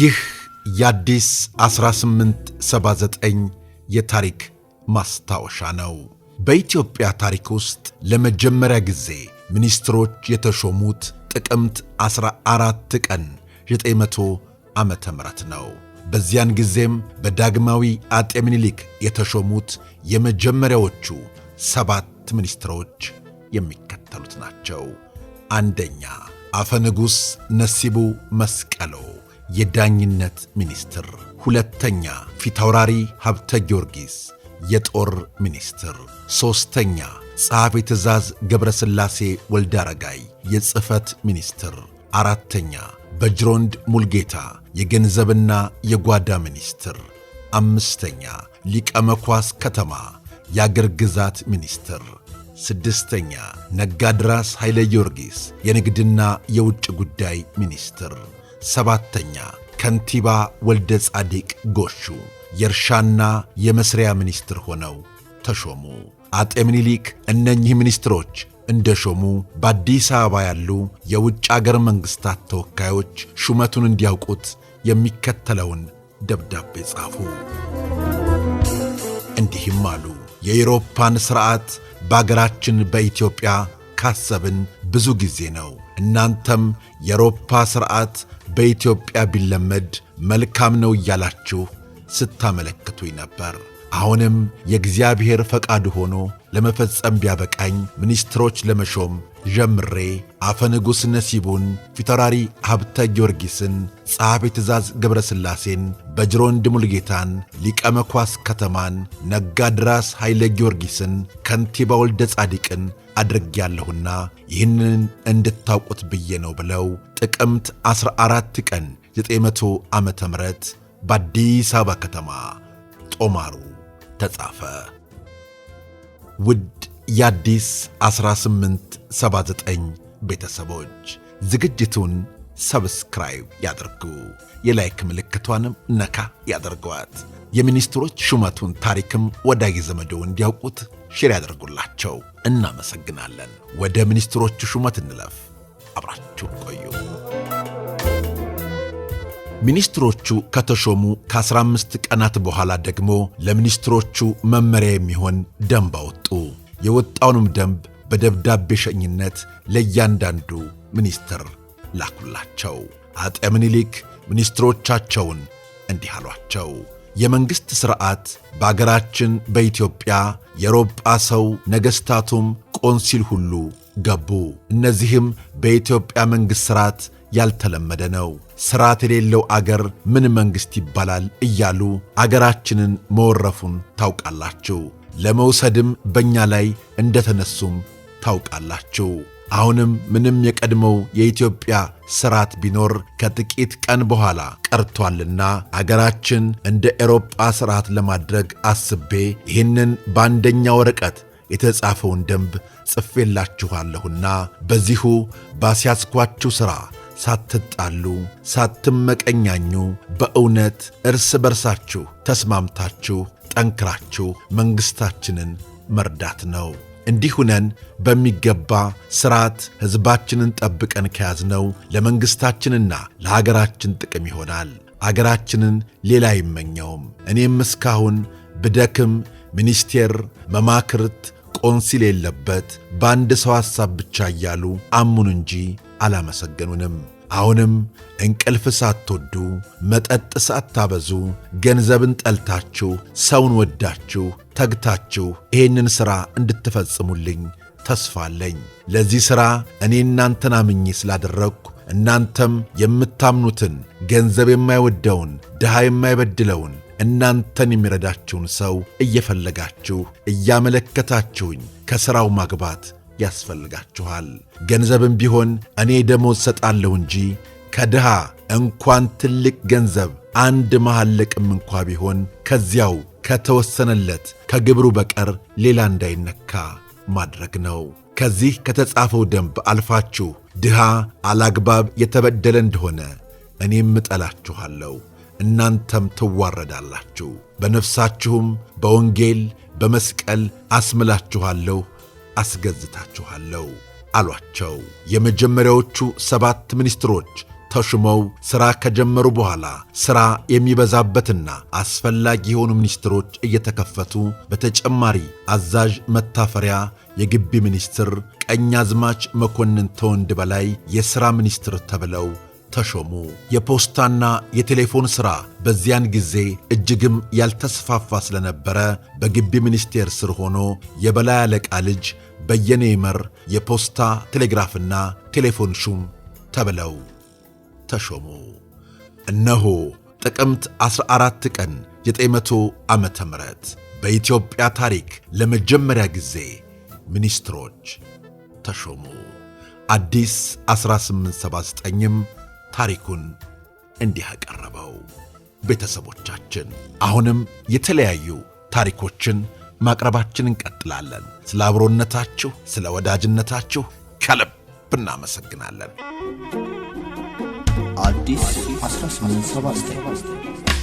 ይህ የአዲስ 1879 የታሪክ ማስታወሻ ነው። በኢትዮጵያ ታሪክ ውስጥ ለመጀመሪያ ጊዜ ሚኒስትሮች የተሾሙት ጥቅምት 14 ቀን 900 ዓመተ ምህረት ነው። በዚያን ጊዜም በዳግማዊ አጤ ምኒልክ የተሾሙት የመጀመሪያዎቹ ሰባት ሚኒስትሮች የሚከተሉት ናቸው። አንደኛ፣ አፈ ንጉሥ ነሲቡ መስቀሎ የዳኝነት ሚኒስትር፣ ሁለተኛ፣ ፊታውራሪ ሀብተ ጊዮርጊስ የጦር ሚኒስትር፣ ሦስተኛ፣ ጸሐፌ ትእዛዝ ገብረ ሥላሴ ወልዳረጋይ የጽሕፈት ሚኒስትር፣ አራተኛ፣ በጅሮንድ ሙልጌታ የገንዘብና የጓዳ ሚኒስትር፣ አምስተኛ፣ ሊቀመኳስ ከተማ የአገር ግዛት ሚኒስትር ስድስተኛ ነጋድራስ ኃይለ ጊዮርጊስ የንግድና የውጭ ጉዳይ ሚኒስትር። ሰባተኛ ከንቲባ ወልደ ጻዲቅ ጎሹ የእርሻና የመስሪያ ሚኒስትር ሆነው ተሾሙ። አጤ ምኒልክ እነኚህ ሚኒስትሮች እንደ ሾሙ በአዲስ አበባ ያሉ የውጭ አገር መንግሥታት ተወካዮች ሹመቱን እንዲያውቁት የሚከተለውን ደብዳቤ ጻፉ። እንዲህም አሉ። የአውሮፓን ሥርዓት በአገራችን በኢትዮጵያ ካሰብን ብዙ ጊዜ ነው። እናንተም የአውሮፓ ሥርዓት በኢትዮጵያ ቢለመድ መልካም ነው እያላችሁ ስታመለክቱኝ ነበር። አሁንም የእግዚአብሔር ፈቃድ ሆኖ ለመፈጸም ቢያበቃኝ ሚኒስትሮች ለመሾም ጀምሬ አፈ ንጉሥ ነሲቡን፣ ፊታውራሪ ሀብተ ጊዮርጊስን፣ ጸሐፊ ትእዛዝ ገብረ ሥላሴን፣ በጅሮንድ ሙልጌታን፣ ሊቀ መኳስ ከተማን፣ ነጋድራስ ኃይለ ጊዮርጊስን፣ ከንቲባ ወልደ ጻዲቅን አድርጌያለሁና ይህንን እንድታውቁት ብዬ ነው ብለው ጥቅምት 14 ቀን 900 ዓ ም በአዲስ አበባ ከተማ ጦማሩ ተጻፈ። ውድ የአዲስ 1879 ቤተሰቦች ዝግጅቱን ሰብስክራይብ ያድርጉ፣ የላይክ ምልክቷንም ነካ ያደርገዋት። የሚኒስትሮች ሹመቱን ታሪክም ወዳጅ ዘመዶ እንዲያውቁት ሼር ያደርጉላቸው። እናመሰግናለን። ወደ ሚኒስትሮቹ ሹመት እንለፍ። ሚኒስትሮቹ ከተሾሙ ከ15 ቀናት በኋላ ደግሞ ለሚኒስትሮቹ መመሪያ የሚሆን ደንብ አወጡ። የወጣውንም ደንብ በደብዳቤ ሸኝነት ለእያንዳንዱ ሚኒስትር ላኩላቸው። አጤ ምኒልክ ሚኒስትሮቻቸውን እንዲህ አሏቸው። የመንግሥት ሥርዓት በአገራችን በኢትዮጵያ የአውሮጳ ሰው ነገሥታቱም ቆንሲል ሁሉ ገቡ። እነዚህም በኢትዮጵያ መንግሥት ሥርዓት ያልተለመደ ነው። ስርዓት የሌለው አገር ምን መንግሥት ይባላል እያሉ አገራችንን መወረፉን ታውቃላችሁ። ለመውሰድም በእኛ ላይ እንደተነሱም ታውቃላችሁ። አሁንም ምንም የቀድሞው የኢትዮጵያ ስርዓት ቢኖር ከጥቂት ቀን በኋላ ቀርቷልና አገራችን እንደ ኤሮጳ ስርዓት ለማድረግ አስቤ ይህንን በአንደኛ ወረቀት የተጻፈውን ደንብ ጽፌላችኋለሁና በዚሁ ባስያዝኳችሁ ሥራ ሳትጣሉ፣ ሳትመቀኛኙ በእውነት እርስ በርሳችሁ ተስማምታችሁ ጠንክራችሁ መንግሥታችንን መርዳት ነው። እንዲህ ሁነን በሚገባ ሥርዓት ሕዝባችንን ጠብቀን ከያዝነው ለመንግሥታችንና ለአገራችን ጥቅም ይሆናል። አገራችንን ሌላ አይመኘውም። እኔም እስካሁን ብደክም ሚኒስቴር፣ መማክርት፣ ቆንሲል የለበት በአንድ ሰው ሐሳብ ብቻ እያሉ አሙን እንጂ አላመሰገኑንም። አሁንም እንቅልፍ ሳትወዱ መጠጥ ሳታበዙ ገንዘብን ጠልታችሁ ሰውን ወዳችሁ ተግታችሁ ይህንን ሥራ እንድትፈጽሙልኝ ተስፋ አለኝ። ለዚህ ሥራ እኔ እናንተን አምኜ ስላደረግሁ እናንተም የምታምኑትን ገንዘብ የማይወደውን ድሃ የማይበድለውን እናንተን የሚረዳችሁን ሰው እየፈለጋችሁ እያመለከታችሁኝ ከሥራው ማግባት ያስፈልጋችኋል። ገንዘብም ቢሆን እኔ ደሞዝ ሰጣለሁ እንጂ ከድሃ እንኳን ትልቅ ገንዘብ አንድ መሐለቅም እንኳ ቢሆን ከዚያው ከተወሰነለት ከግብሩ በቀር ሌላ እንዳይነካ ማድረግ ነው። ከዚህ ከተጻፈው ደንብ አልፋችሁ ድሃ አላግባብ የተበደለ እንደሆነ እኔም እጠላችኋለሁ፣ እናንተም ትዋረዳላችሁ፣ በነፍሳችሁም በወንጌል በመስቀል አስምላችኋለሁ አስገዝታችኋለሁ አሏቸው። የመጀመሪያዎቹ ሰባት ሚኒስትሮች ተሹመው ሥራ ከጀመሩ በኋላ ሥራ የሚበዛበትና አስፈላጊ የሆኑ ሚኒስትሮች እየተከፈቱ በተጨማሪ አዛዥ መታፈሪያ፣ የግቢ ሚኒስትር፣ ቀኝ አዝማች መኮንን ተወንድ በላይ የሥራ ሚኒስትር ተብለው ተሾሙ። የፖስታና የቴሌፎን ሥራ በዚያን ጊዜ እጅግም ያልተስፋፋ ስለነበረ በግቢ ሚኒስቴር ስር ሆኖ የበላይ አለቃ ልጅ በየነ ይመር የፖስታ ቴሌግራፍና ቴሌፎን ሹም ተብለው ተሾሙ። እነሆ ጥቅምት 14 ቀን 900 ዓመተ ምህረት በኢትዮጵያ ታሪክ ለመጀመሪያ ጊዜ ሚኒስትሮች ተሾሙ። አዲስ 1879ም ታሪኩን እንዲህ አቀረበው። ቤተሰቦቻችን አሁንም የተለያዩ ታሪኮችን ማቅረባችን እንቀጥላለን። ስለ አብሮነታችሁ፣ ስለ ወዳጅነታችሁ ከልብ እናመሰግናለን። አዲስ 1879